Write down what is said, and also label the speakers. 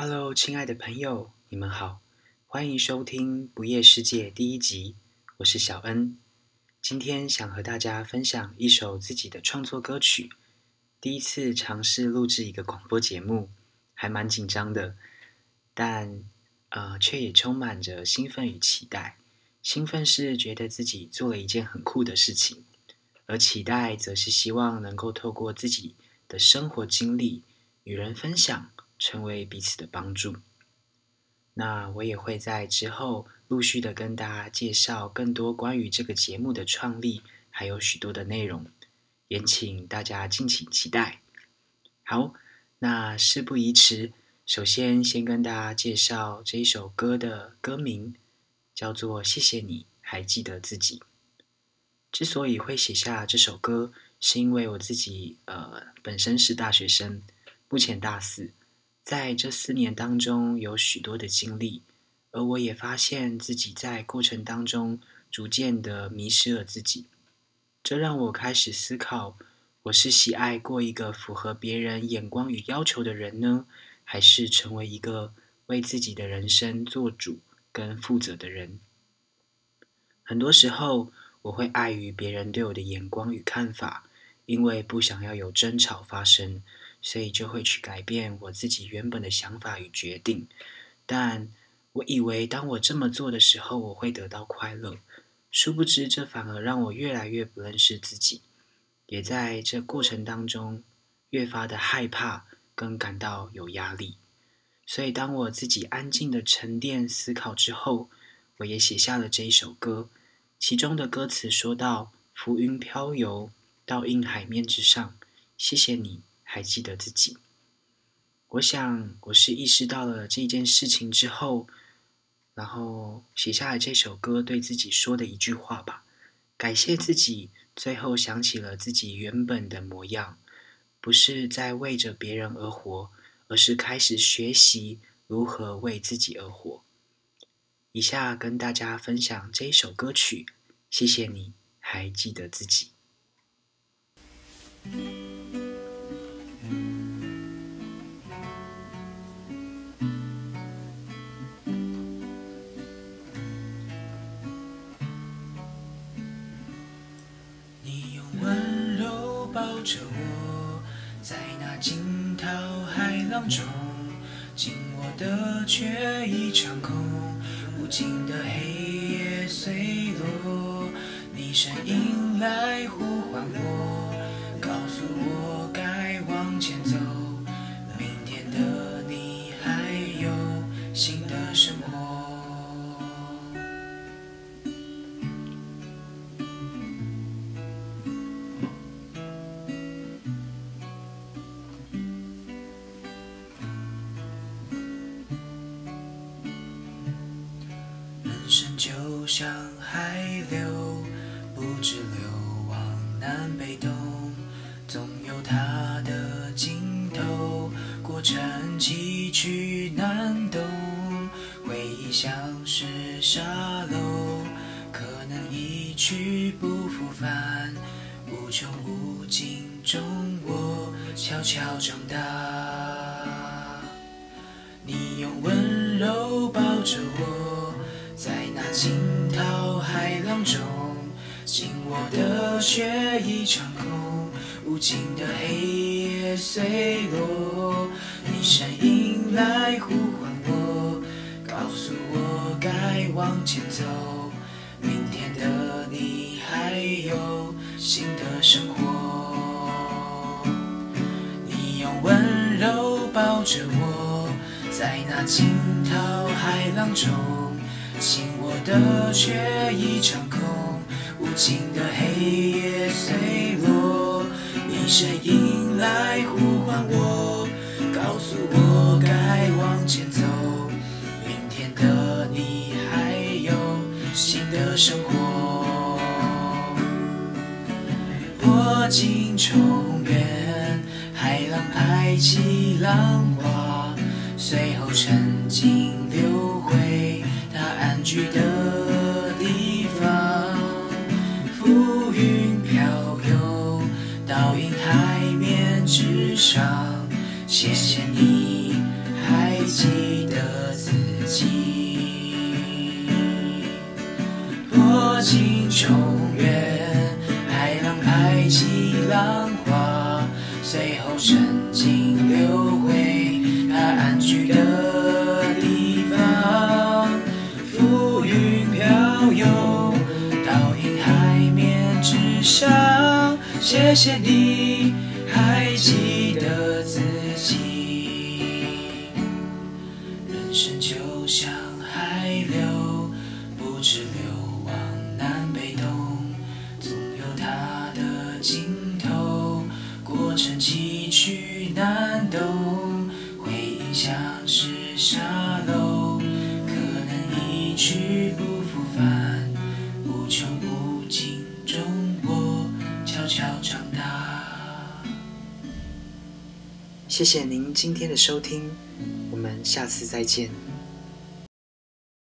Speaker 1: Hello，親愛的朋友，你們好，歡迎收聽《不夜世界》第一集。我是小恩，今天想和大家分享一首自己的創作歌曲。第一次嘗試錄製一個廣播節目，還蠻緊張的，但呃，卻也充滿着興奮與期待。興奮是覺得自己做了一件很酷的事情，而期待則是希望能夠透過自己的生活經歷與人分享。成為彼此的幫助。那我也會在之後陸續的跟大家介紹更多關於這個節目的創立，還有許多的內容，也請大家敬請期待。好，那事不宜遲，首先先跟大家介紹這一首歌的歌名，叫做《謝謝你還記得自己》。之所以會寫下這首歌，是因為我自己呃本身是大學生，目前大四。在這四年當中，有許多的經歷，而我也發現自己在過程當中逐漸的迷失了自己。這讓我開始思考：我是喜愛過一個符合別人眼光與要求的人呢，還是成為一個為自己的人生做主跟負責的人？很多時候，我會礙於別人對我的眼光與看法，因為不想要有爭吵發生。所以就會去改變我自己原本的想法與決定，但我以為當我這麼做的時候，我會得到快樂。殊不知，這反而讓我越來越不認識自己，也在這過程當中越發的害怕，更感到有壓力。所以，當我自己安靜的沉澱思考之後，我也寫下了這一首歌，其中的歌詞說到：“浮雲飄遊，倒映海面之上。”謝謝你。還記得自己，我想我是意識到了這件事情之後，然後寫下了這首歌對自己說的一句話吧。感謝自己，最後想起了自己原本的模樣，不是在為着別人而活，而是開始學習如何為自己而活。以下跟大家分享這一首歌曲。謝謝你，還記得自己。
Speaker 2: 抱着我，在那驚濤駭浪中，緊握的卻一場空。無盡的黑夜碎落，你聲音來呼喚我，告訴我該往前走。明天的你還有新。像海流，不知流往南北東，總有它的盡頭。過程崎嶇難懂，回憶像是沙漏，可能一去不復返。無窮無盡中，我悄悄長大。你用溫柔抱着我，在那。海浪中，緊握的卻一場空。無盡的黑夜碎落，你聲音來呼喚我，告訴我該往前走。明天的你還有新的生活。你用溫柔抱着我，在那驚濤駭浪中。的卻一場空，無盡的黑夜碎落，你聲音來呼喚我，告訴我該往前走。明天的你還有新的生活，破鏡重圓，海浪拍起浪花，隨後沉靜流回。他安居的地方，浮雲漂游，倒映海面之上。謝謝你還記得自己，多情。謝謝你還記得自己。人生就像海流，不知流往南北東，總有它的盡頭。過程崎嶇難懂，回憶像是沙漏，可能一去不復返。
Speaker 1: 悄悄長大。謝謝您今天的收聽，我們下次再見。